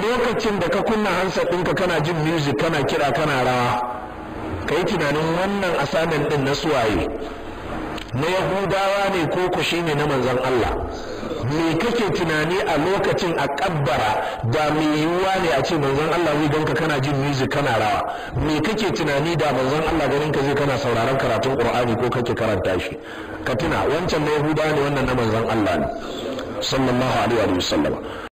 lokacin da ka kunna hansa ɗinka kana jin music kana kira kana rawa ka yi tunanin wannan asamin ɗin na suwaye na yahudawa ne ko ku ne na manzan Allah me kake tunani a lokacin a kabbara da me yiwuwa ne a ce manzan Allah zai ganka kana jin music kana rawa me kake tunani da manzan Allah ganin ka zai kana sauraron karatun Qur'ani ko kake karanta shi ka tuna wancan na yahudawa ne wannan na manzan Allah ne sallallahu alaihi wa sallam